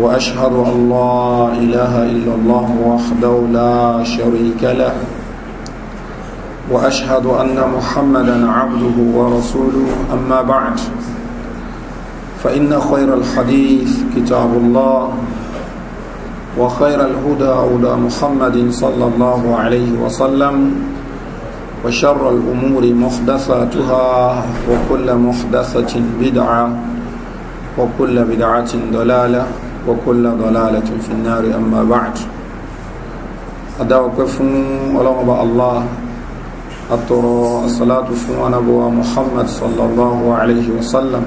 وأشهد أن لا إله إلا الله وحده لا شريك له وأشهد أن محمدا عبده ورسوله أما بعد فإن خير الحديث كتاب الله وخير الهدى أولى محمد صلى الله عليه وسلم وشر الأمور محدثاتها وكل محدثة بدعة وكل بدعة ضلالة وكل ضلالة في النار أما بعد أدعوك فن ولغب الله أطر الصلاة فن نبوة محمد صلى الله عليه وسلم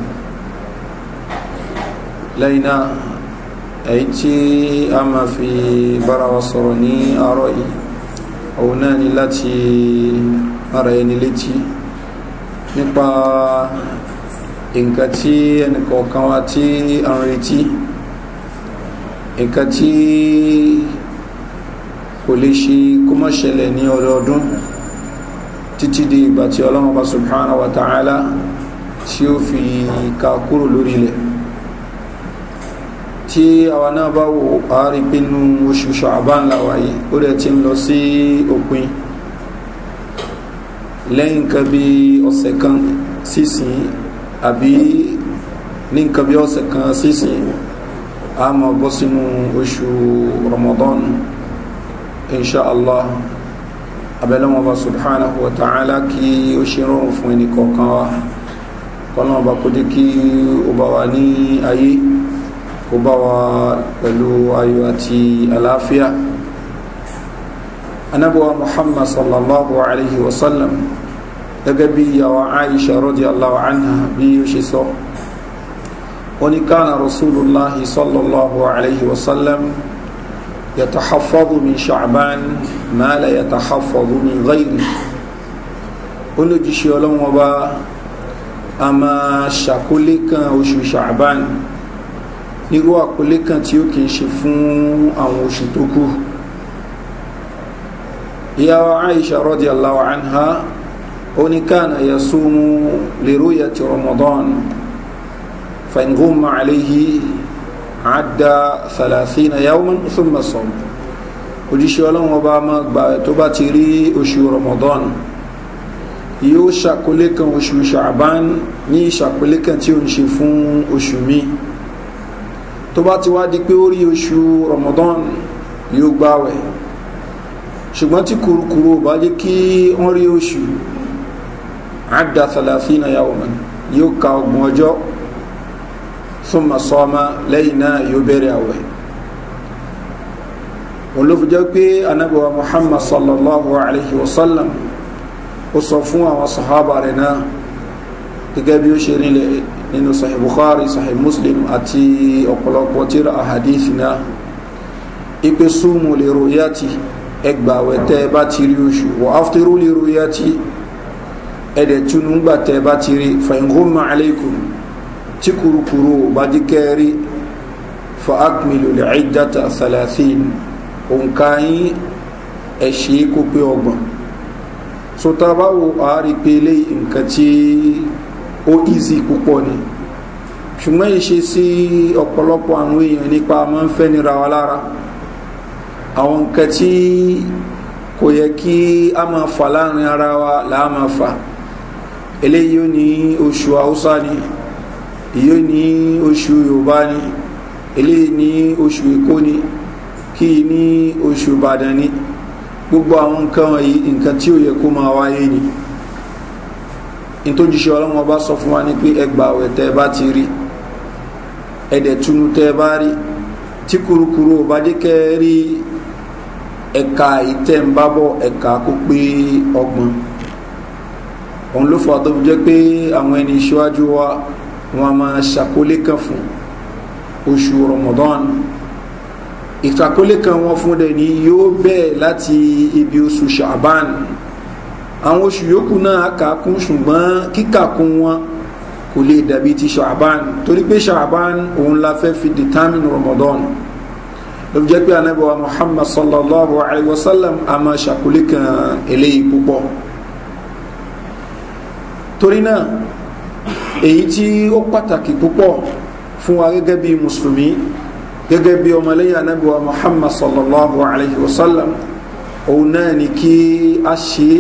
لينا أيتي أما في برا وصرني أرأي أو ناني التي أرأيني التي nípa إنكتي tí ẹnìkọ̀ọ̀kan wa tí nǹkan tí kò lè ṣe kó mọ́ ṣẹlẹ̀ ní ọdọọdún títí di ìgbà tí ọlọ́run bá subhanahu wa ta'ala tí ó fi ka kúrò lórí ilẹ̀ tí àwa náà bá wo àárí pinnu oṣù ṣàbán làwáyé ó rẹ̀ ti ń lọ sí òpin lẹ́yìn nǹkan bí ọ̀sẹ̀ kan sísìn àbí ní nǹkan bí ọ̀sẹ̀ kan sísìn a mọ̀ bọ́ sínú oṣù ramadan insha allah abẹ́lẹ́wọ̀n bá subhanahu wa ta'ala kí ó ṣe rọrùn fún ẹnì kọ̀ọ̀kan wa kọ́lọ́wọ́n bá kó dé kí ó bá wa ní ayé kó bá wa pẹ̀lú ayọ̀ àti àlàáfíà anabuwa muhammad sallallahu alayhi wa sallam bí yàwó aisha rọ́dí anha bí ó ṣe sọ so oníkànnà rasulillahi sallallahu alayhi wa sallam yatahafazu min sha'ban maala yatahafazu min ghayri olójúṣe ọlọ́wọ́n ọba a máa ṣàkólé kan oṣù sha'ban nírú àkólé kan tí ó kì í ṣe fún àwọn oṣù tó kù ìyàwó aisha rọ́dí aláwọ̀ anha oníkànnà yasumu lèrò yàtì ramadan فإن غم عليه عدى ثلاثين يوما ثم صوم òjíṣẹ́ ọlọ́run ọba tó bá ti rí oṣù ramadan yóò ṣàkólé kan oṣù ṣàbán ní ìṣàkólé kan tí ó ń ṣe fún oṣù mi tó bá ti wá di pé ó rí oṣù ramadan yóò gbáwẹ̀ ṣùgbọ́n tí kùrùkùrù bá jẹ́ kí wọ́n rí oṣù àdá 30 yàwó yóò ka ọgbọ̀n ọjọ́ fún masọ́ọ́mà lẹ́yìn náà yóò bẹ̀rẹ̀ àwẹ̀ olùfijọ́ pé anábọ̀wá muhammad sallallahu alayhi wa sallam ó sọ fún àwọn sahaba rẹ̀ náà gẹ́gẹ́ bí ó ṣe nílẹ̀ nínú sahih bukhari sahih muslim àti ọ̀pọ̀lọpọ̀ tíra ahadithi náà ipe súnmù lè ròyàtì ẹgbàwẹ̀ tẹ́ bá ti rí oṣù wọ́n áfítẹ́rù lè ròyàtì ẹ̀dẹ̀ túnú gbà tẹ́ bá ti rí fàyíngó ma aleikum tí kurukuru bá jí kẹ́rí fa akmilu lè ciddata salasin òǹkà yín ẹ̀ṣẹ́ kó pé ọgbọ̀n so tá a bá wo àárí pé lé nǹkan tí ó easy púpọ̀ ni ṣùgbọ́n ìṣe sí ọ̀pọ̀lọpọ̀ àwọn èèyàn nípa máa ń fẹ́ nira wa lára àwọn nǹkan tí kò yẹ kí a máa fà láàrin ara wa là á máa fà eléyìí ó ní oṣù haúsá ni. Oshua, èyí ní oṣù yorùbá ni eléyìí ní oṣù èkó ni kí ní oṣù ìbàdàn ni gbogbo àwọn nǹkan wọ̀nyí nǹkan tí ó yẹ kó máa wáyé ni nítòjúṣe ọlọ́run ọba sọ fún wa ní pé ẹgbà àwẹ̀ tẹ́ ẹ bá ti rí ẹ̀dẹ̀ tunu tẹ́ ẹ bá rí tí kurukuru ò bá dé kẹ́ ẹ rí ẹ̀ka ìtẹ̀ǹbábọ̀ ẹ̀ka kó pé ọgbọ̀n òun ló fà tó jẹ́ pé àwọn ẹni ìṣíwájú wa wọn máa ṣàkólé kan fún oṣù ramadan ìṣàkólé kan wọn fún dẹ ni yóò bẹ́ẹ̀ láti ibi oṣù shaban àwọn oṣù yòókù náà kàkún ṣùgbọ́n kíkàkún wọn kò lè dàbí ti shaban torí pé shaban òun la fẹ́ fi determine ramadan ló jẹ́ pé anábọ̀wá muhammad sallallahu alayhi wa sallam a máa ṣàkólé kan eléyìí púpọ̀ torí náà èyí tí ó pàtàkì púpọ̀ fún wa gẹ́gẹ́ bí mùsùlùmí gẹ́gẹ́ bí ọmọlẹ́yìn anábíwá muhammad sallallahu alayhi wa sallam òun náà ni kí a ṣe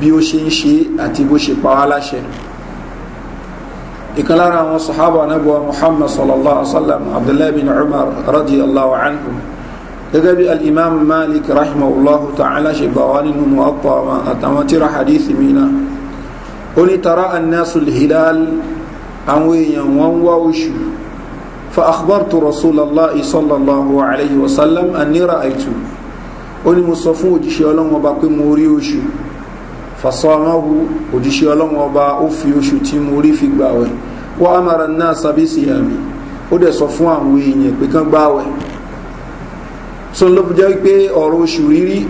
bí ó ṣe ń ṣe àti bó ṣe pa wá láṣẹ ìkan lára àwọn sahaba anábíwá muhammad sallallahu alayhi wa sallam abdullahi bin umar radiyallahu anhu gẹ́gẹ́ bí al malik rahimahullahu ta'ala ṣe gbà wá nínú muwatta àtàwọn tíra hadith mi onítara annasul hilal àwọn èèyàn wọn wá oṣù fa akhbartu rasulallah sallallahu alayhi wa sallam anira aitu ó ní mo sọ fún òjíṣẹ́ ọlọ́wọ́n ọba pé mo rí oṣù fasọ́nàwó òjíṣẹ́ ọlọ́wọ́n ọba ó fi oṣù tí mo rí fi gbàwẹ̀ wọ́n á mara náà sábẹ́sì àmì ó dẹ̀ sọ fún àwọn èèyàn pé kán gbàwẹ̀ so ló jẹ́ pé ọ̀rọ̀ oṣù rírí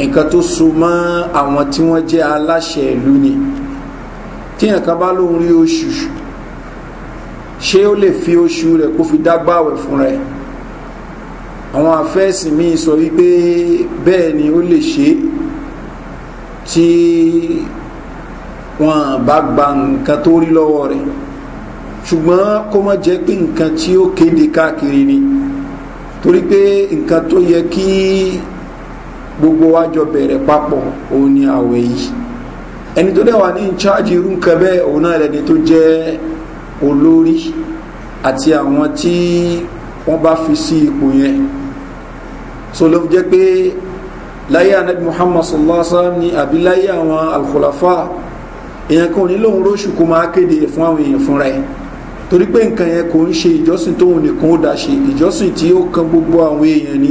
nǹkan tó so mọ́ àwọn tí wọ́n jẹ́ aláṣẹ ìlú ni tí èèyàn kan bá lóun rí oṣù ṣé ó lè fi oṣù rẹ̀ kó fi dágbàwẹ̀ fún rẹ̀ àwọn afẹ́sìn míì sọ wípé bẹ́ẹ̀ ni ó lè ṣe tí wọn bá gba nǹkan tó rí lọ́wọ́ rẹ̀ ṣùgbọ́n kó má jẹ́ pé nǹkan tí ó kéde káàkiri ni torí pé nǹkan tó yẹ kí gbogbo wa jọ bẹ̀rẹ̀ papọ̀ òun ni àwẹ̀ yìí ẹni tó dẹ̀ wà ní ìcháàjì irú nǹkan bẹ́ẹ̀ òun náà lẹni tó jẹ́ olórí àti àwọn tí wọ́n bá fi sí ipò yẹn so ló jẹ́ pé láyé anabi muhammad sallallahu alaihi wa sallam ni àbí láyé àwọn alkhulafa èèyàn kan ò ní lóun róṣù kó máa kéde fún àwọn èèyàn fúnra ẹ̀ torí pé nǹkan yẹn kò ń ṣe ìjọsìn tóun nìkan ó dá ṣe ìjọsìn tí ó kan gbogbo àwọn èèyàn ni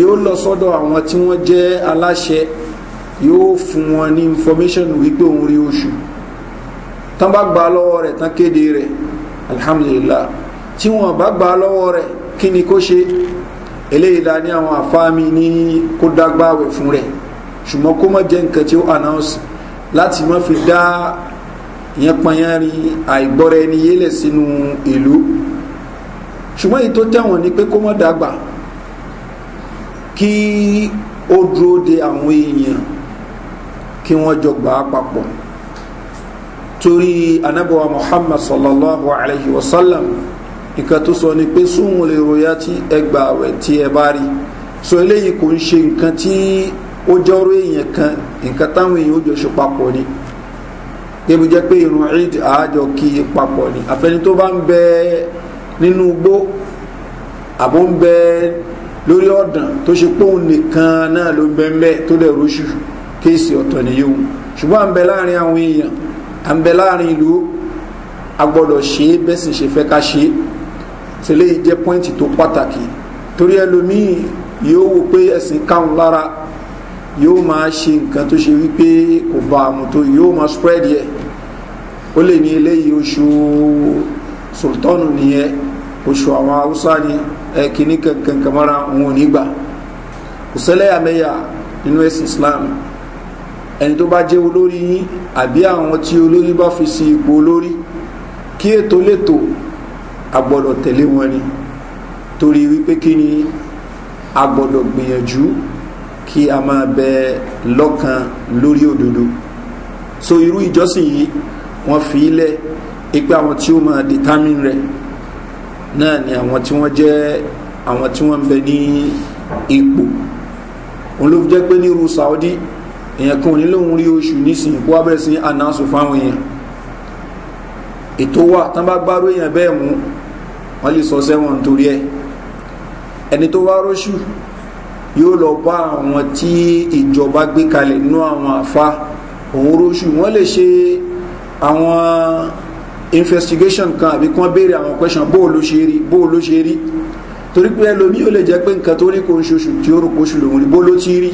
yóò lọ sọ́dọ̀ àwọn tí wọ́n jẹ́ aláṣẹ yóò fún wọn ní information wípé òun rí oṣù tán bá gbà lọ́wọ́ rẹ̀ tán kéde rẹ̀ alhamdulillah tí wọn bá gbà lọ́wọ́ rẹ̀ kí ni kó ṣe eléyìí la ní àwọn àfáàmì ní kó dágbàwẹ̀ fún rẹ̀ ṣùgbọ́n kó mọ̀ jẹ́ nǹkan tí ó announce láti mọ́ fi dá ìyẹn panyẹ́rin àìgbọ́ra ẹni yélẹ̀ sínú ìlú ṣùgbọ́n èyí tó tẹ̀wọ̀n ni pé kó mọ̀ dàgbà kí ó dúró de àwọn èèyàn kí wọ́n jọ gbà á papọ̀ torí anábọ̀wá muhammad sallallahu alayhi wa sallam nǹkan tó sọ ni pé sóhun lè ròyà tí ẹ gbà wẹ̀ tí ẹ bá rí so eléyìí kò ń ṣe nǹkan tí ó jọrọ èèyàn kan nǹkan táwọn èèyàn ó jọ ṣe papọ̀ ni ebi jẹ́ pé irun eid àájọ kí papọ̀ ni àfẹni tó bá ń bẹ nínú igbó àbó ń bẹ lórí ọ̀dàn tó ṣe pé nìkan náà ló ń bẹ ń bẹ tó dẹ̀ róṣù kéèsì ọ̀tọ̀ ni yóò ṣùgbọ́n à ń bẹ láàrin àwọn èèyàn à ń bẹ láàrin ìlú a gbọ́dọ̀ ṣe é bẹ́sìn ṣe fẹ́ ká ṣe é tẹ́lẹ̀ jẹ́ pọ́ìntì tó pàtàkì torí ẹlòmíì yóò wò pé ẹ̀sìn káwọn lára yóò máa ṣe nǹkan tó ṣe wípé kò bá àmú tó yóò máa spread yẹ ó lè ní eléyìí oṣù sultanu nìyẹn oṣù àwọn haúsá ni ẹ kìíní kankan kamara òun ò ní gbà kò sẹ́lẹ̀ àmẹ́yà nínú ẹ̀sìn islam ẹni tó bá jẹ́ olórí yín àbí àwọn tí olórí bá fi sí ipò olórí kí ètò létò agbọ́dọ̀ tẹ̀lé wọn ni torí wípé kí ni agbọ́dọ̀ gbìyànjú kí a máa bẹ lọ́kàn lórí òdodo so irú ìjọsìn yìí wọ́n fi ilẹ̀ ipe àwọn tí ó máa determine rẹ̀ náà ni àwọn tí wọ́n jẹ́ àwọn tí wọ́n ń bẹ ní ipò òun ló jẹ́ pé ní irú saudi èèyàn kan ò ní lóun rí oṣù nísìn kó wá bẹ̀rẹ̀ sí ànáṣù fáwọn èèyàn ètò wà tán bá gbárò èèyàn bẹ́ẹ̀ mú wọ́n lè sọ sẹ́wọ̀n nítorí ẹ̀ ẹni tó wá róṣù yóò lọ bá àwọn tí ìjọba gbé kalẹ̀ nú àwọn àfa òun róṣù wọ́n lè ṣe àwọn investigation kan àbí kí wọ́n béèrè àwọn question bó ló ṣe rí bó ló ṣe rí torí pé ẹlòmíì ó lè jẹ́ pé nǹkan tó rí kò ń ṣoṣù tí ó rò pé oṣù lòun rí bó ló ti rí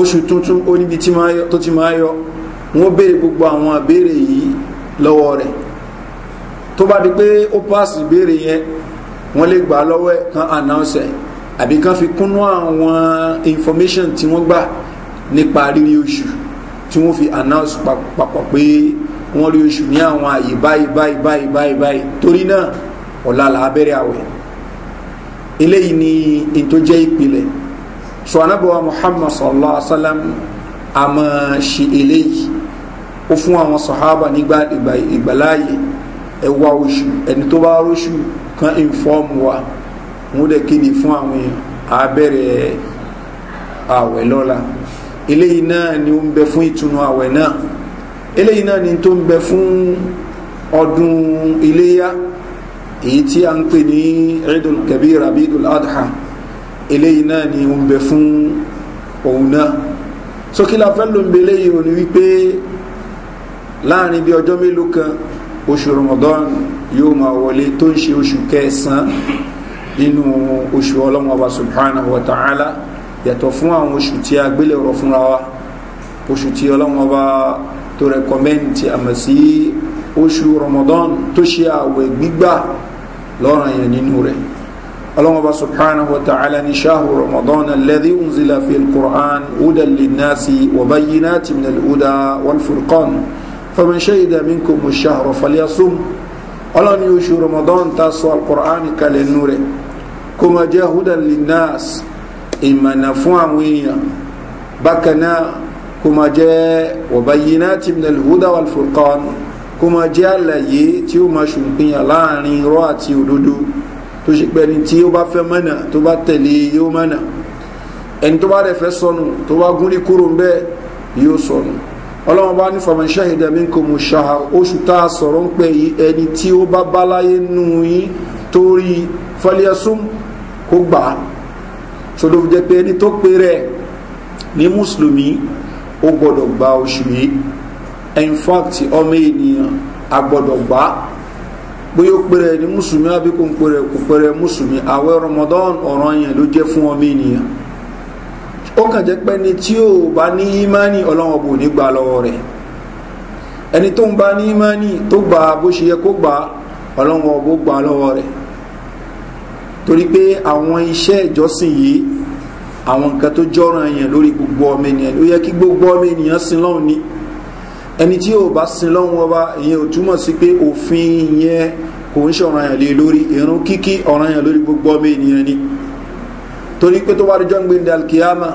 oṣù tuntun ó níbi tó ti máa yọ wọ́n béèrè gbogbo àwọn àbéèrè yìí lọ́wọ́ rẹ̀ tó bá di pé ó pàṣẹ ìbéèrè yẹn wọ́n lè gbà lọ́wọ́ ẹ̀ kan announce àbí kan fi kúnnú àwọn information tí wọ́n gbà nípa rírí oṣù tí wọ́n fi announce papọ̀ pé wọ́n rí oṣù ní àwọn àyè báyìí báyìí báyìí báyìí báyìí torí náà ọ̀la làá àwẹ̀ eléyìí ni ètò jẹ́ ìpìlẹ̀ so anabiwa muhammad sallallahu alaihi wa sallam a máa ṣe eléyìí ó fún àwọn sọ̀hábà nígbà ìgbàláyè ẹwà oṣù ẹni tó bá róṣù kan ìfọ́ọ̀mù wa wọ́n dẹ̀ kéde fún àwọn èèyàn abẹ́rẹ́ àwẹ̀ lọ́la eléyìí náà ni ó ń bẹ fún ìtùnú àwẹ̀ náà eléyìí náà ni tó ń bẹ fún ọdún iléyà èyí tí a ń pè ní idul kabir abidul adha eléyìí náà ni ó ń bẹ fún òun náà sókè la fẹ́ ń bẹ eléyìí òun ni wípé láàrin bí ọjọ́ mélòó kan oṣù ramadan yóò máa wọlé tó ń ṣe oṣù kẹsàn-án nínú oṣù ọlọ́wọ́n ọba subhanahu wa ta'ala yàtọ̀ fún àwọn oṣù tí a gbélé ọ̀rọ̀ fúnra wa oṣù tí ọlọ́wọ́n ọba tó rẹkọmẹ́ǹtì àmọ̀ sí oṣù ramadan tó ṣe àwẹ̀ gbígbà lọ́ranyàn nínú rẹ̀ الله سبحانه وتعالى شهر رمضان الذي أنزل في القرآن هدى للناس وبينات من الهدى والفرقان فمن شهد منكم الشهر فليصم الله يوشي رمضان تاسوى القرآن كالنور كما جاء هدى للناس إما نفوع ويا بكنا كما جاء وبينات من الهدى والفرقان كما جاء لي تيوما شنقيا لاني رواتي ودودو tó ṣe pẹ́ni tí ó bá fẹ́ mọ́nà tó bá tẹ̀lé yóò mọ́nà ẹni tó bá rẹ̀ fẹ́ sọnù tó bá gún ní kúrò ń bẹ́ẹ̀ yóò sọnù ọlọ́run bá ní fọmọ ṣáhìdá mi kò mú ṣáà oṣù tá a sọ̀rọ̀ ń pẹ́ yìí ẹni tí ó bá bá nù yín torí fọlẹ́sùn kó gbà á sọdọ́ jẹ́ pé ẹni tó pe rẹ̀ ní mùsùlùmí ó gbọ́dọ̀ gba oṣù yìí in fact ọmọ ènìyàn agbọ́dọ̀ gbà á bóyá ó pèrè ní mùsùlùmí àbí kò ń pèrè kò pèrè mùsùlùmí àwẹ̀ ramadan ọ̀ràn yẹn ló jẹ́ fún ọmọ ènìyàn ó kàn jẹ́ pé ni tí ó bá ní ímánì ọlọ́wọ́n bò ní gbà lọ́wọ́ rẹ̀ ẹni tó ń bá ní ímánì tó gbà bó ṣe yẹ kó gbà ọlọ́wọ́n bó gbà lọ́wọ́ rẹ̀ torí pé àwọn iṣẹ́ ìjọsìn yìí àwọn nǹkan tó jọ́ràn yẹn lórí gbogbo ọmọ ènìyàn ló yẹ kí gbogbo ọmọ ènìyàn sin lọ́hùn ni ẹni tí ò bá sin lọ́wọ́ ọba ìyẹn ò túmọ̀ sí pé òfin yẹn kò ń ṣe ọ̀ranyàn lé lórí irun kíkí ọ̀ranyàn lórí gbogbo ọmọ ènìyàn ni torí pé tó bá rí jọ́ǹgbé ní alkiyama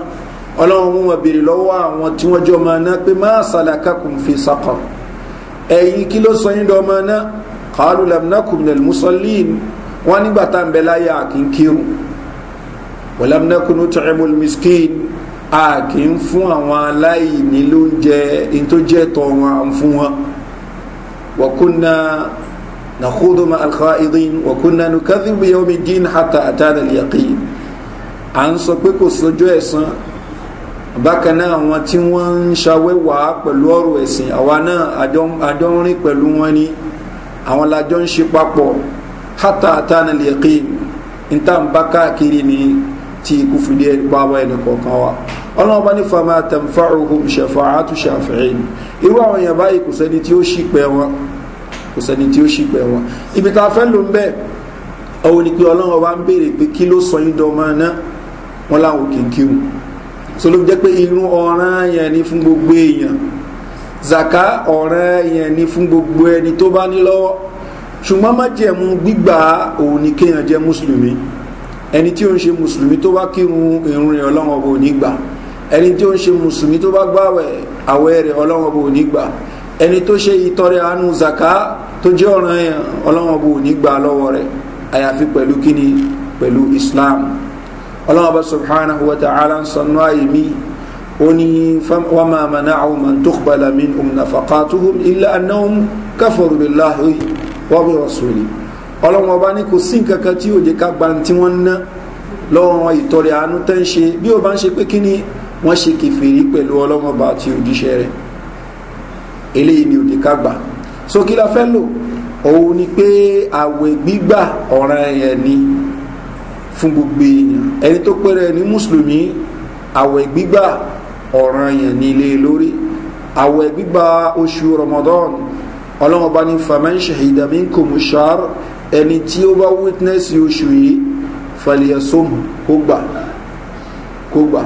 ọlọ́run mú wọn béèrè lọ́wọ́ àwọn tí wọ́n jọ ọmọ náà pé má sàlàkà kò fi sàkọ̀ ẹ̀yìn kí ló sọ yín dọ́ ọmọ náà kàálù lamnakum nel musallin wọn nígbà tá à ń bẹ láyà kí n kírun wàlámnakum tó ẹ̀mú miskin a kì í fún àwọn aláìní lóúnjẹ in tó jẹ́ tọ́ wọn fún wọn wàkúnná nàkúdó ma alkhaidin wàkúnná nukadhi bi yawmi din hata atana al-yaqin à ń sọ pé kò sọjọ́ ẹ̀san bákan náà àwọn tí wọ́n ń ṣàwẹ́wà pẹ̀lú ọ̀rọ̀ ẹ̀sìn àwa náà àjọ ń rìn pẹ̀lú wọn ni àwọn làjọ ń ṣe papọ̀ hata atana al-yaqin n ta n bá káàkiri ni tí ikú fi dé bá wa ẹnì kọ̀ọ̀kan wa ọlọ́run bá ní fama tẹ̀mfàrùhùn ṣẹ̀fàátù ṣàfihàn irú àwọn èèyàn báyìí kò sẹ́ni tí ó ṣìpẹ̀ wọn kò sẹ́ni tí ó ṣìpẹ̀ wọn ibi tá a fẹ́ ló ń bẹ́ ọwọ́ ni pé ọlọ́run bá ń béèrè pé kí ló sọ yín dọ́mọ náà wọn láwọn kì í kíhun so ló jẹ́ pé inú ọ̀ràn yẹn ni fún gbogbo èèyàn zaka ọ̀ràn yẹn ni fún gbogbo ẹni tó bá ní lọ́wọ́ ṣùgbọ́n má jẹ̀mú gbígbà òun ni kéèyàn jẹ́ mùsùlùmí ẹni tí ó ń ṣe mùsùlùmí tó bá kírun ìrun ọlọ́run ọba ò ní gbà ẹni tí ó ń ṣe mùsùlùmí tó bá gbàwẹ̀ àwẹ̀ rẹ̀ ọlọ́wọ́n bò ní gbà ẹni tó ṣe ìtọrẹ àánú zaka tó jẹ́ ọ̀ràn yẹn ọlọ́wọ́n bò ní gbà lọ́wọ́ rẹ̀ àyàfi pẹ̀lú kíni pẹ̀lú islam ọlọ́wọ́n bá subhanahu wa ta'ala ń sọnú àyè mi ó ní wàmà màná àwọn màn tó gbàlà mí um nàfàkà tó hùm ilà anáhùn káfọ̀rù bẹ̀ láhùn wọ́n bí rọ̀sùlì ọlọ́wọ́n bá ní kò sí nǹkan tí ò jẹ́ ká gba tí ná lọ́wọ́ ìtọrẹ àánú tẹ́ ń ṣe bí ó bá ń ṣe pé kíni wọ́n ṣe kẹfìrí pẹ̀lú ọlọ́mọba àti òjíṣẹ́ rẹ̀ eléyìí ni òdì ká gbà so kí la fẹ́ lò òun ni pé àwẹ̀ gbígbà ọ̀ràn ẹ̀yẹ̀ ni fún gbogbo èèyàn ẹni tó pẹ́rẹ ní mùsùlùmí àwẹ̀ gbígbà ọ̀ràn ẹ̀yẹ̀ ni ilé lórí àwẹ̀ gbígbà oṣù ramadan ọlọ́mọba ní famẹ́ńṣe ìdàmí kò mú ṣáàr ẹni tí ó bá wítínẹ́sì oṣù yìí fàlìyàsóhùn kó gbà kó gbà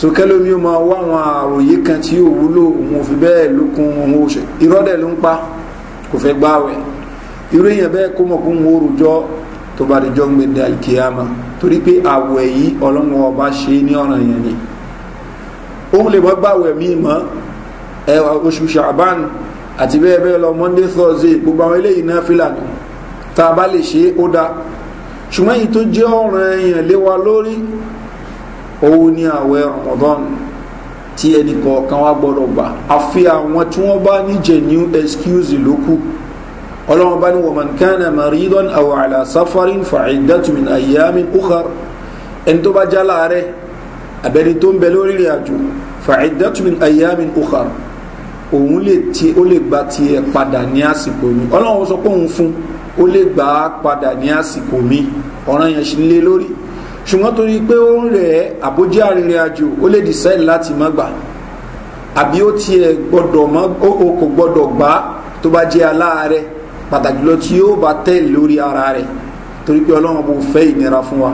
sokẹ́lómi ó máa wá àwọn àròyé kan tí yóò wúlò òun ò fi bẹ́ẹ̀ lókun òun ò ṣe ìrọ́dẹ̀ ló ń pa kò fẹ́ gbáwẹ̀ irú èèyàn bẹ́ẹ̀ kó mọ̀ kó ń orùjọ́ tó bá di jọ́ ń gbẹ̀dẹ̀ àìkíyàmá torí pé àwẹ̀ yìí ọlọ́run ọba ṣe ní ọ̀ràn yẹn ni òun lè mọ́ gbàwẹ̀ míì mọ́ ẹwà oṣù ṣàbán àti bẹ́ẹ̀ bẹ́ẹ̀ lọ monday thursday gbogbo àwọn eléyìí náà fìlànà tá a bá lè ṣe ó dá ṣùgbọ́n èyí tó jẹ́ ọ̀ràn èèyàn léwa lórí òun ní àwẹ̀ ramadan tí ẹnì kọ̀ọ̀kan wá gbọ́dọ̀ gbà àfi àwọn tí wọ́n bá ní genuine excuse ló kù ọlọ́run bá ní wọ̀mọ̀n kánà maridon àwọn àlà safarin fàìdátùmí àyàmí ukhar ẹni tó bá já láàárẹ̀ abẹni tó ń bẹ lórí rìn àjò fàìdátùmí àyàmí ukhar òun lè tí ó lè gba tiẹ̀ padà ní àsìkò mi ọlọ́run sọ pé òun fún ó lè gbà á padà ní àsìkò mi ọ̀ràn yẹn sì lé lórí ṣùgbọ́n torí pé ó ń rẹ̀ àbójá arìnrìn àjò ó lè decide láti má gbà àbí ó tiẹ̀ gbọ́dọ̀ mọ́ ó kò gbọ́dọ̀ gbà tó bá jẹ́ aláàárẹ̀ pàtàkì lọ tí yóò bá tẹ̀ lórí ara rẹ̀ torí pé ọlọ́run bò fẹ́ ìnira fún wa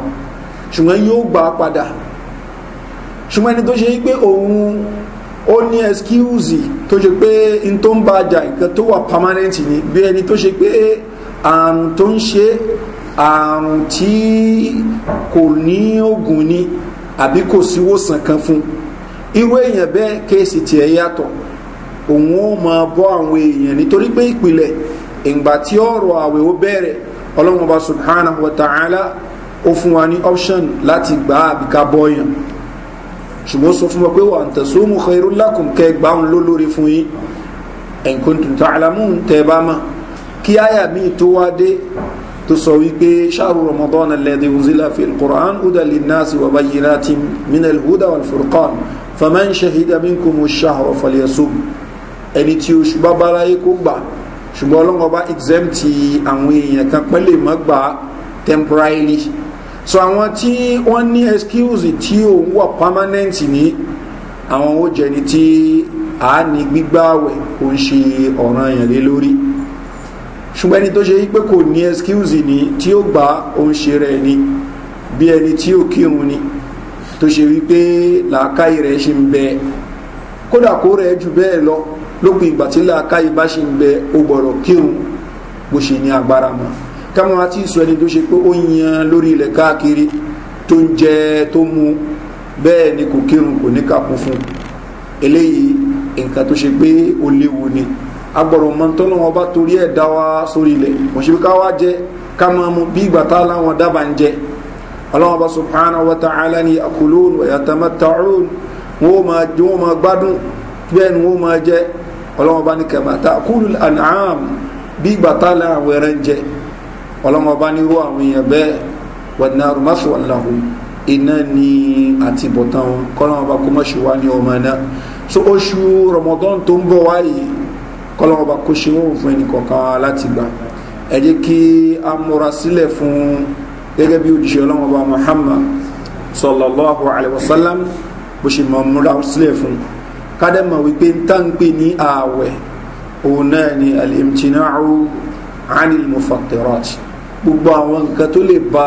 ṣùgbọ́n yóò gbà padà ṣùgbọ́n ẹni tó ṣe pé òun ó ní ẹskíwùsì tó ṣe pé n tó ń bá ajá nǹkan tó wà permanent ni bí ẹni tó ṣe pé àrùn tó ń ṣe é àrùn tí kò ní oògùn ni àbí kò síwòsàn kan fún irú èèyàn bẹ́ẹ̀ kéèsì tiẹ̀ yàtọ̀ òun ó máa bọ́ àwọn èèyàn nítorí pé ìpìlẹ̀ ìgbà tí ọ̀rọ̀ àwẹ̀ ó bẹ̀rẹ̀ ọlọ́run ọba subhanahu wa ta'ala ó fún wa ní option láti gbà àbíká bọ́yàn ṣùgbọ́n sọ fún wa pé wà ń tẹ̀sùmù xeyrú lákùn kẹ gbà ń ló lórí fún yín ẹ̀ǹkùn tuntun alamu tẹ̀ bá mọ̀ kí àyà mi tó wá dé tó sọ wípé ṣáàrù ramadan alẹ́dẹ̀ unzila fi alkur'an huda linnasi wa bayyana ti minal huda wal furqan faman shahida minkum shahra falyasum ẹni tí oṣù bá bára yé kó gbà ṣùgbọ́n ọlọ́run ọba exempti àwọn èèyàn kan pẹ́ lè mọ́ gbà temporarily so àwọn tí wọ́n ní excuse tí òun wà permanent ní àwọn ó jẹni tí a ní gbígbáwẹ̀ kò ń ṣe ọ̀ràn èèyàn lé lórí ṣùgbọ́n ẹni tó ṣe yí pé kò ní excuse ni tí ó gbà òun ṣe rẹ̀ ni bí ẹni tí ó kírun ni tó ṣe wípé làákàyè rẹ̀ ṣe ń bẹ kódà kó rẹ̀ jù bẹ́ẹ̀ lọ lópin ìgbà tí làákàyè bá ṣe ń bẹ ó gbọ́dọ̀ kírun bó ṣe ní agbára mọ́ káwọn àti ìsọ ẹni tó ṣe pé ó yan lórí ilẹ̀ káàkiri tó ń jẹ tó mu bẹ́ẹ̀ ni kò kírun kò ní kàkún fún eléyìí nǹkan tó ṣe pé ó léwu ni agbọ̀rọ̀ mọ́tọ́lọ́ wọn bá torí ẹ̀ dá wa sórí ilẹ̀ òṣèlú ká wá jẹ ká máa mu bí ìgbà tá láwọn dábàá ń jẹ ọlọ́wọ́n bá subhana wa ta'ala ni akulun wa yatamatta'un wọn máa jẹ wọn máa gbádùn bẹ́ẹ̀ ni wọn máa jẹ ọlọ́wọ́n bá ní kama ta'kulul an'am bí ìgbà tá láwọn ẹ̀rẹ́ ń ọlọ́wọ́n bá ní irú àwọn kọ́lọ́wọ́ bá kó ṣe wọ́n fún ẹnì kọ̀ọ̀kan láti gbà ẹ jẹ́ kí a múra sílẹ̀ fún gẹ́gẹ́ bí òjíṣẹ́ ọlọ́wọ́ bá muhammad sallallahu alayhi wa sallam bó ṣe mọ̀ múra sílẹ̀ fún kádẹ́mọ̀ wípé ń tá ń pè ní ààwẹ̀ òun náà ni alimtinaahu anil mufattirat gbogbo àwọn nǹkan tó lè ba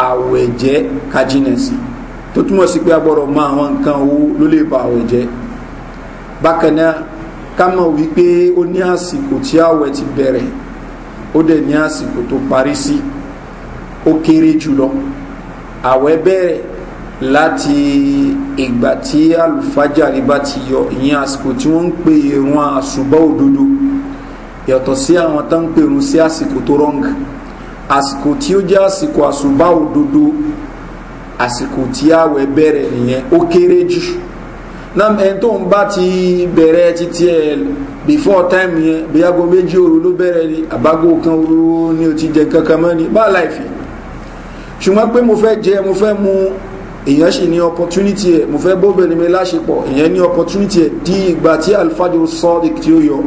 ààwẹ̀ jẹ́ kájínà tó túmọ̀ sí pé a mọ àwọn nǹkan owó ló lè ba ààwẹ̀ jẹ́ bákan náà kama mọ̀ wípé ó ní àsìkò tí àwẹ̀ ti bẹ̀rẹ̀ ó dẹ̀ ní àsìkò tó parí sí ó kéré jùlọ àwẹ̀ bẹ̀rẹ̀ láti ìgbà tí alùfájàre bá ti yọ ìyẹn àsìkò tí wọ́n ń pè irun àṣùbọ́ òdodo yàtọ̀ sí àwọn tó ń pè irun sí àsìkò tó rọ́ǹgì àsìkò tí ó jẹ́ àsìkò àṣùbọ́ òdodo àsìkò tí àwẹ̀ bẹ̀rẹ̀ nìyẹn ó kéré jù nam ẹni tó ń bá ti bẹ̀rẹ̀ títí ẹ̀ before time yẹn bí aago méjì òru ló bẹ̀rẹ̀ ni àbágo kan òru ni o ti jẹ kankan mọ́ ni bá láìfì ṣùgbọ́n pé mo fẹ́ jẹ mo fẹ́ mu èèyàn sì ní opportunity ẹ̀ mo fẹ́ bóbìnrin mi láṣepọ̀ èèyàn ní opportunity ẹ̀ di ìgbà tí alifájò sọ́ọ̀dì tí ó yọ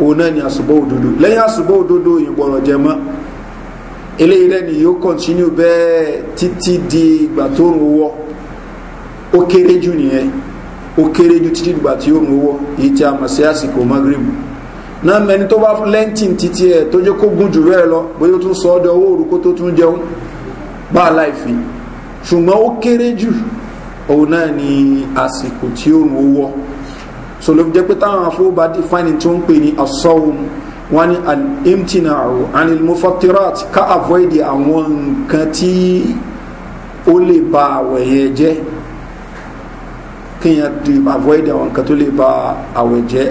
òun náà ni àṣùbọ̀ òdodo lẹ́yìn àṣùbọ̀ òdodo ìgbọ̀nà jẹmọ́ eléyìí lẹ́ni yóò continue bẹ́ẹ̀ títí di ìgbà tó ń wọ́ ó kéré jù nìyẹn ó kéré ju títí dùgbà tí ó mú wọ èyí tí a mọ̀ sí àsìkò magrib náà mẹni tó bá lẹ́ǹtìn títí ẹ̀ tó jẹ́ kó gùn jù rẹ̀ lọ bóyá ó tún sọ ọ́dọ̀ owó òru tó tún jẹun bá láìfi ṣùgbọ́n ó kéré jù òun náà ni àsìkò tí ó mú wọ so ló jẹ́ pé táwọn afọ́bá fáìní tó ń pè ní asọ́hun wọ́n ní al-imtina anil-mufatirat ká avoid àwọn nǹkan tí ó lè ba àwẹ̀yẹ jẹ́ kéèyàn ti avoid àwọn nǹkan tó lè ba àwẹ̀ jẹ́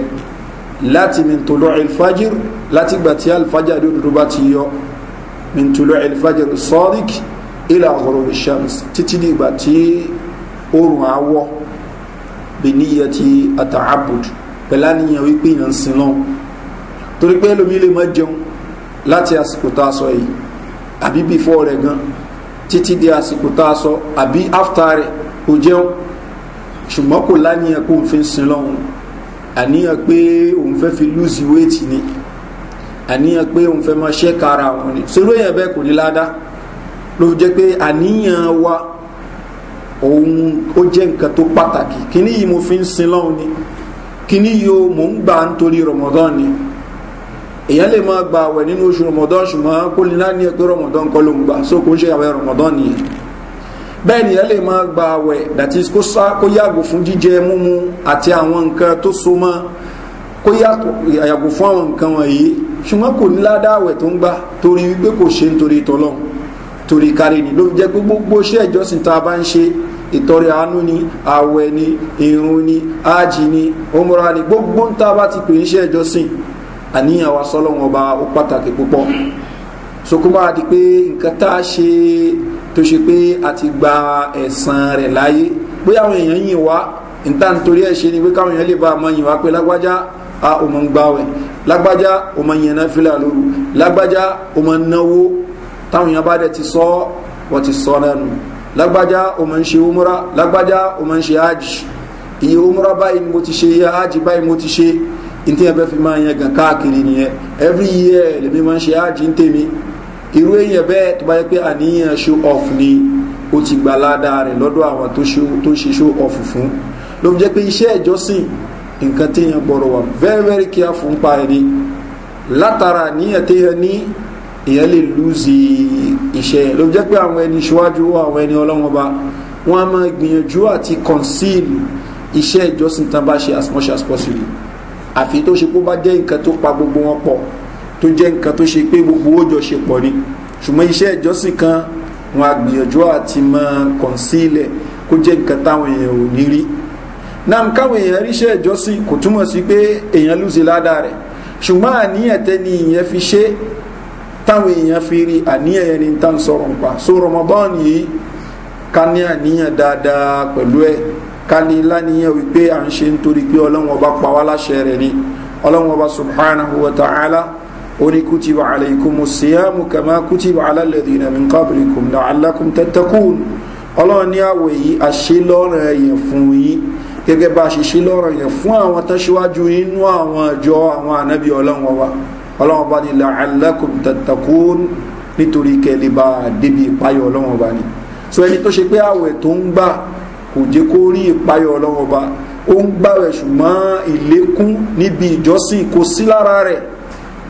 láti min tolo alfajir láti gbà tí alfajir àdúró bá ti yọ min tolo alfajir sadiq ila ghorobi shams títí di ìgbà tí oòrùn awọ beniya ti ataabud pẹ̀lá níyàn wípé yàn ń sin náà torí pé ẹlòmí lè má jẹun láti àsìkò tá a sọ yìí àbí bífọ́ gan títí di àsìkò tá a sọ after rẹ̀ kò jẹun ṣùgbọ́n kò láníyàn kó n fi sin lọ́hùn àníyàn pé òun fẹ́ fi lùzì wéètì ni àníyàn pé òun fẹ́ máa ṣe kára wọn ni sóró èèyàn bẹ́ẹ̀ kò ní ládá ló jẹ́ pé àníyàn wa òun ó jẹ́ nǹkan tó pàtàkì kíní yìí mo fi ń sin lọ́hùn ni kíní yìí o mò ń gbà nítorí rọmọdán ni èyàn lè máa gba àwẹ̀ nínú oṣù rọmọdán ṣùgbọ́n kó ní láníyàn pé rọmọdán kọ́ ló ń gbà sókò ń ṣe àwẹ̀ rọmọdán nìyẹn bẹ́ẹ̀ ni ẹ lè máa gba àwẹ̀ that is kó yàgò fún jíjẹ múmu àti àwọn nǹkan tó so mọ́ kó yàgò fún àwọn nǹkan wọ̀nyí ṣùgbọ́n kò ní ládàáwẹ̀ tó ń gbà torí wípé kò ṣe nítorí tọ́lọ́n torí kárí ni ló fi jẹ́ pé gbogbo iṣẹ́ ìjọsìn tá a bá ń ṣe ìtọrẹ àánú ni àwẹ̀ ni irun ni ájì ni òmùra ni gbogbo ń tá a bá ti pè iṣẹ́ ìjọsìn àníyàn wa sọ́lọ́wọ́n ọba ó pàtàkì púpọ̀ tó ṣe pé a ti gba ẹ̀san rẹ̀ láyé bóyá àwọn èèyàn yìn wá níta nítorí ẹ̀ ṣe ni pé káwọn èèyàn lè bá a mọ yìn wá pé lágbájá a ò mọ̀ ń gbàwẹ̀ lágbájá ò mọ̀ yẹn náà fìlà lóru lágbájá ò mọ̀ náwó táwọn èèyàn bá dẹ̀ ti sọ wọ́n ti sọ náà nù lágbájá ò mọ̀ ń ṣe umra lágbájá ò mọ̀ ń ṣe ájì iye umra báyìí ni mo ti ṣe iye ájì báyìí mo ti ṣe ntí yẹn fẹ́ fi máa yẹn gàn káàkiri nìyẹn every year lèmi máa ń ṣe ájì ń tèmi irú èèyàn bẹ́ẹ̀ tó bá yẹ pé àníyàn show off ni ó ti gbà ládàá rẹ̀ lọ́dọ̀ àwọn tó ṣe show off fún ló fi jẹ́ pé iṣẹ́ ìjọsìn nǹkan téèyàn gbọ́dọ̀ wà very very careful ń pa ẹni látara àníyàn téèyàn ní èèyàn lè lose iṣẹ́ yẹn ló fi jẹ́ pé àwọn ẹni ṣíwájú àwọn ẹni ọlọ́wọ́n ba wọ́n á máa gbìyànjú àti conceal iṣẹ́ ìjọsìn tán bá ṣe as much as possible àfi tó ṣe kó bá jẹ́ nǹkan tó pa gbogbo wọn pọ̀ tó jẹ́ nǹkan tó ṣe pé gbogbo ó jọ ṣe pọ̀ ni ṣùgbọ́n iṣẹ́ ìjọsìn kan wọn á gbìyànjú àti mọ kọ̀ǹsílẹ̀ kó jẹ́ nǹkan táwọn èèyàn ò ní rí náà káwọn èèyàn ríṣẹ́ ìjọsìn kò túmọ̀ sí pé èèyàn lùsí ládàá rẹ̀ ṣùgbọ́n àníyàn tẹ́ni ìyẹn fi ṣe táwọn èèyàn fi rí àníyàn ẹni tá ń sọ̀rọ̀ nípa so ramadan yìí ká ní àníyàn dáadáa pẹ̀lú ẹ̀ ká ní láníyàn wípé à ń ṣe nítorí pé ọlọ́run ọba pa wá láṣẹ rẹ̀ ni ọlọ́run ọba subhanahu wa ta'ala oni kutiba alaykumu siyamu kama kutiba alalẹ́dìnà min qablikum la'allakum tattakun ọlọ́run ní àwọ̀ yìí àṣelọ́rọ̀ yẹn fún yín gẹ́gẹ́ bá ṣe ṣe lọ́rọ̀ yẹn fún àwọn tán ṣíwájú inú àwọn àjọ àwọn ànábì ọlọ́run ọba ọlọ́run ọba ni la'allakum tattakun nítorí kẹ́lẹ́ bá débi ìpayọ̀ ọlọ́run ọba ni so ẹni tó ṣe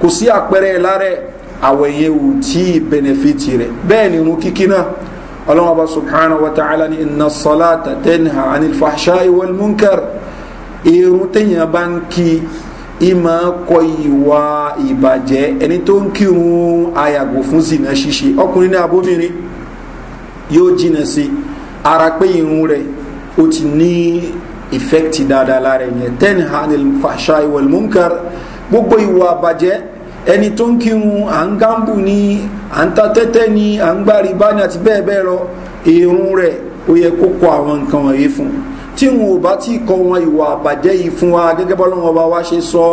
kò sí àpẹẹrẹ lára àwẹ̀ yẹn ò tí ì bẹnẹfìtì rẹ̀ bẹ́ẹ̀ ni irun kíkí náà ọlọ́wọ́n bá subhanahu wa ta'ala ni iná sọlá tẹ̀tẹ̀nìhà anil fàṣà ìwọl munkar irun téèyàn bá ń kí ìmọ̀ kọ ìwà ìbàjẹ́ ẹni tó ń kírun ayàgò fún zina ṣíṣe ọkùnrin ní abómìnrin yóò jìnà sí ara pé irun rẹ̀ ó ti ní ìfẹ́kìtì dáadáa lára ẹ̀yẹn tẹ̀nìhà anil fàṣà ìwọl munkar gbogbo ìwà àbàjẹ́ ẹni tó ń kírun à ń gámbù ni à ń ta tẹ́tẹ́ ni à ń gbárí bá ní àti bẹ́ẹ̀ bẹ́ẹ̀ lọ èrún rẹ̀ ó yẹ kó kọ àwọn nǹkan wọ̀nyí fún tí wọn ò bá tí kọ wọn ìwà àbàjẹ́ yìí fún wa gẹ́gẹ́ bọ́ lọ́wọ́ bá wá ṣe sọ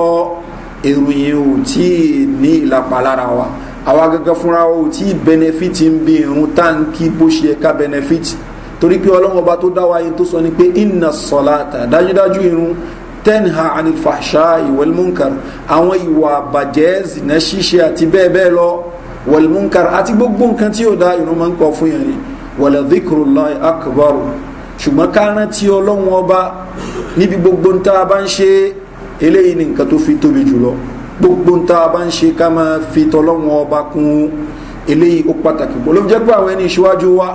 èrò yẹn ò tí ì ní ìlàpá lára wa àwa gẹ́gẹ́ fúnra wa ò tí ì bẹnẹfìtì ń bí irun táǹkì bó ṣe yẹ ká bẹnẹfìtì torí pé ọlọ́wọ́ bá tó dá wa yẹn tó sọ ni pé ìnà sọ̀lá tẹ́nìhà anilfàṣà ìwẹ̀lmúnkar àwọn ìwà bàjẹ́ zìnà ṣíṣe àti bẹ́ẹ̀ bẹ́ẹ̀ lọ wẹ̀lmúnkar àti gbogbo nǹkan tí ó dá ìrún máa ń kọ fún yẹn wẹ̀lẹ̀ dhikrullah akbar ṣùgbọ́n kárán tí ọlọ́run ọba níbi gbogbo ń tá a bá ń ṣe eléyìí ni nǹkan tó fi tóbi jùlọ gbogbo ń bá ń ṣe ká máa fi tọlọ́run ọba kún eléyìí ó pàtàkì bó ló jẹ́ pé àwọn ẹni ìṣíwájú wa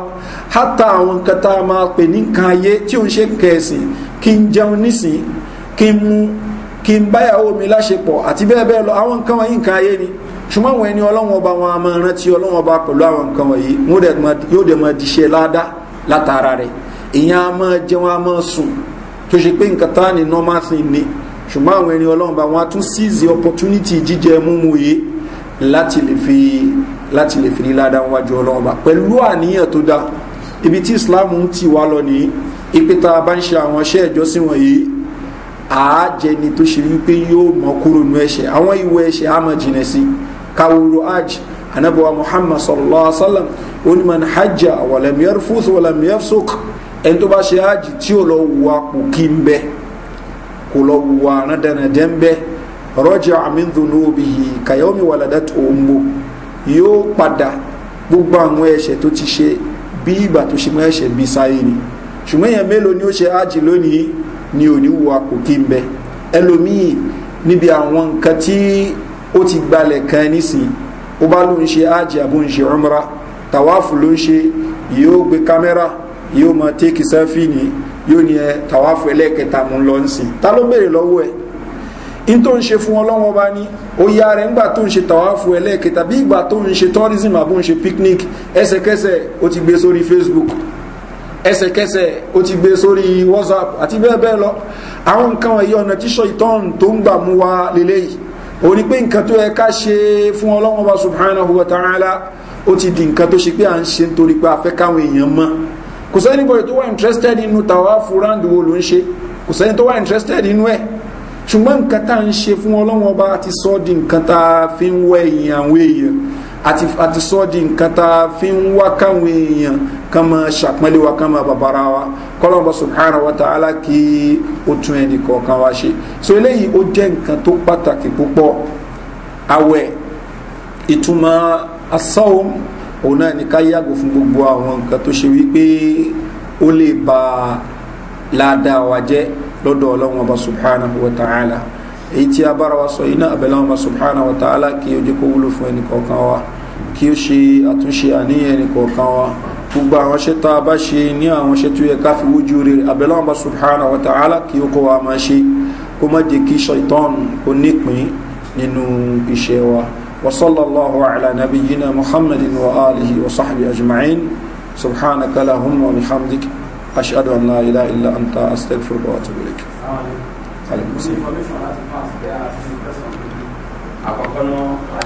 hátà àwọn nǹkan tá a máa pè ní nǹkan ayé tí ó ń ṣe kẹsìn kí n jẹun nísìn kí n mú kí n báyàwó mi láṣepọ̀ àti bẹ́ẹ̀ bẹ́ẹ̀ lọ àwọn nǹkan wọ̀nyí nǹkan ayé ni ṣùgbọ́n àwọn ẹni ọlọ́wọ́n ọba wọn a máa rántí ọlọ́wọ́n ọba pẹ̀lú àwọn nǹkan wọ̀nyí yóò dẹ̀ máa diṣẹ́ ládá látara rẹ̀ èèyàn a máa jẹun a máa sùn tó ṣe pé nǹkan táà ní normal thing ni ṣùgbọ́n àwọn ẹni ọlọ́wọ́n ọba wọn a tún seize opportunity jíjẹ múmu yìí láti lè fi láti lè fi ní ládá wájú ọlọ́wọ́n ọba pẹ̀lú àníyàn tó dáa ibi àájẹni tó ṣe wípé yóò mọ kúrò nú ẹ̀ṣẹ̀ àwọn ìwé ẹ̀ṣẹ̀ á mọ sí kawuru aj anabuwa muhammad sallallahu alaihi wa sallam onímọ̀ ní hajj wàlẹ̀mìyàr fúth wàlẹ̀mìyàr suk ẹni tó bá ṣe hajj tí ò lọ wùwà kù kí ń bẹ kò lọ wùwà rándánadẹ́ ń bẹ rọ́jà àmìndùnú obìyí kàyọ́mi wàlẹ̀dẹ́ tó ń bò yóò padà gbogbo àwọn ẹ̀ṣẹ̀ tó ti ṣe bí ìgbà tó ṣe mọ́ ẹ̀ṣẹ̀ bí sáyé ni ṣùgbọ́n èèyàn mélòó ni ó ṣe hajj lónìí ni ò ní wo àpòkí ń bẹ ẹlòmíì níbi àwọn nǹkan tí ó ti gbalẹ̀ kan nísìn ó bá ló ń ṣe ájì àbó ń ṣe ọmọra tàwáàfù ló ń ṣe yóò gbé kámẹ́rà yóò mọ téèkì sẹ́fì ní yóò ní ẹ tàwáàfù ẹlẹ́ẹ̀kẹta mú lọ ń sìn ta ló béèrè lọ́wọ́ ẹ̀ in tó ń ṣe fún ọlọ́wọ́n bá ní ó yá rẹ̀ ńgbà tó ń ṣe tàwáfù ẹlẹ́ẹ̀kẹta bí ìgbà tó ń ṣe tourism àbó ń ṣe picnic ẹsẹ̀kẹsẹ̀ ó ti gbé sórí facebook ẹsẹ̀kẹsẹ̀ ó ti gbé sórí whatsapp àti bẹ́ẹ̀ bẹ́ẹ̀ lọ àwọn nǹkan wọ̀nyí ọ̀nà tíṣọ́ ìtọ́n tó ń gbà mú wa lélẹ́yìí ó ní pé nǹkan tó yẹ ká ṣe fún ọlọ́wọ́n bá subhanahu wa ta'ala ó ti di nǹkan tó ṣe pé à ń ṣe nítorí pé a káwọn èèyàn mọ́ kò sẹ́ni bọ̀rẹ̀ tó wà interested inú tàwáfù ráǹdì wo ló ń ṣe kò sẹ́ni tó wà interested inú ẹ̀ ṣùgbọ́n nǹkan tá à ń ṣe fún ọlọ́wọ́n bá ti sọ́ di nǹkan tá a fi ń wẹ̀ èèyàn àwọn èèyàn àti àti sọ di nǹkan tá a fi ń wá káwọn èèyàn kan máa ṣàpọ́nlé wa kan máa bàbára wa kọ́lọ́mọ subhanahu wa ta'ala kí ó tún ẹnì kọ̀ọ̀kan wa ṣe so eléyìí ó jẹ́ nǹkan tó pàtàkì púpọ̀ àwẹ̀ ìtumọ̀ asáwọ̀m òun náà ní ká yàgò fún gbogbo àwọn nǹkan tó ṣe wípé ó lè ba ládàá wa jẹ́ lọ́dọ̀ ọlọ́run ọba subhanahu wa ta'ala èyí tí a bára wa sọ yìí náà abẹ́lẹ́ wọn bá subhana wa ta'ala kí o jẹ́ kó wúlò fún ẹnì kọ̀ọ̀kan wa kí o ṣe àtúnṣe àníyàn ẹnì kọ̀ọ̀kan wa gbogbo àwọn ṣe tá a bá ṣe ní àwọn ṣe tó yẹ ká fi wójú rẹ abẹ́lẹ́ wọn wa ta'ala kí o kọ́ wa máa ṣe kó má jẹ́ kí ṣaitan kó nípìn nínú iṣẹ́ wa wa sallallahu ala nabiyina muhammadin wa alihi wa sahbihi ajma'in subhanaka lahumma wa bihamdik ashhadu an la ilaha illa anta astaghfiruka wa atubu sálẹ̀ kù sí. àkọ́kọ́ náà